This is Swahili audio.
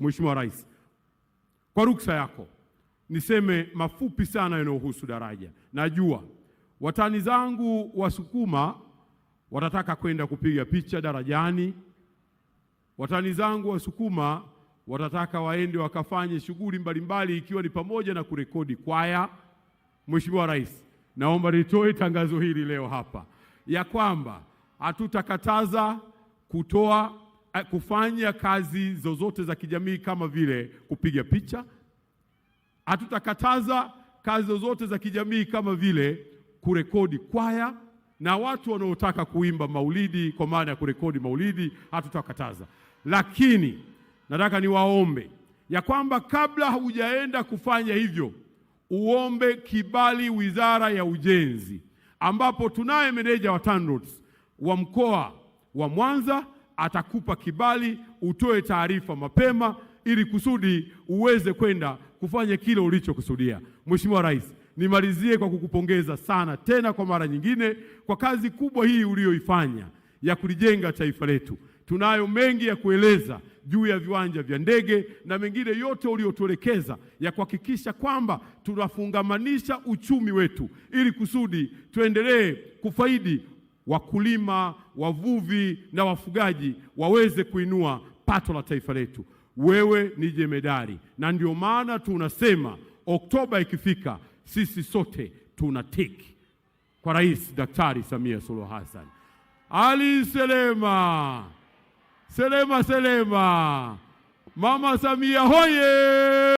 Mheshimiwa Rais, kwa ruksa yako niseme mafupi sana yanayohusu daraja. Najua watani zangu Wasukuma watataka kwenda kupiga picha darajani, watani zangu Wasukuma watataka waende wakafanye shughuli mbalimbali ikiwa ni pamoja na kurekodi kwaya. Mheshimiwa Rais, naomba nitoe tangazo hili leo hapa ya kwamba hatutakataza kutoa Eh, kufanya kazi zozote za kijamii kama vile kupiga picha. Hatutakataza kazi zozote za kijamii kama vile kurekodi kwaya na watu wanaotaka kuimba maulidi, kwa maana ya kurekodi maulidi hatutakataza, lakini nataka niwaombe ya kwamba kabla hujaenda kufanya hivyo uombe kibali Wizara ya Ujenzi, ambapo tunaye meneja wa TANROADS wa mkoa wa Mwanza atakupa kibali utoe taarifa mapema ili kusudi uweze kwenda kufanya kile ulichokusudia. Mheshimiwa Rais, nimalizie kwa kukupongeza sana tena kwa mara nyingine kwa kazi kubwa hii uliyoifanya ya kulijenga taifa letu. Tunayo mengi ya kueleza juu ya viwanja vya ndege na mengine yote uliyotuelekeza ya kuhakikisha kwamba tunafungamanisha uchumi wetu ili kusudi tuendelee kufaidi wakulima, wavuvi na wafugaji waweze kuinua pato la taifa letu. Wewe ni jemedari, na ndio maana tunasema Oktoba ikifika, sisi sote tuna tiki kwa Rais Daktari Samia Suluhu Hassan. Ali Selema, Selema, Selema! Mama Samia hoye!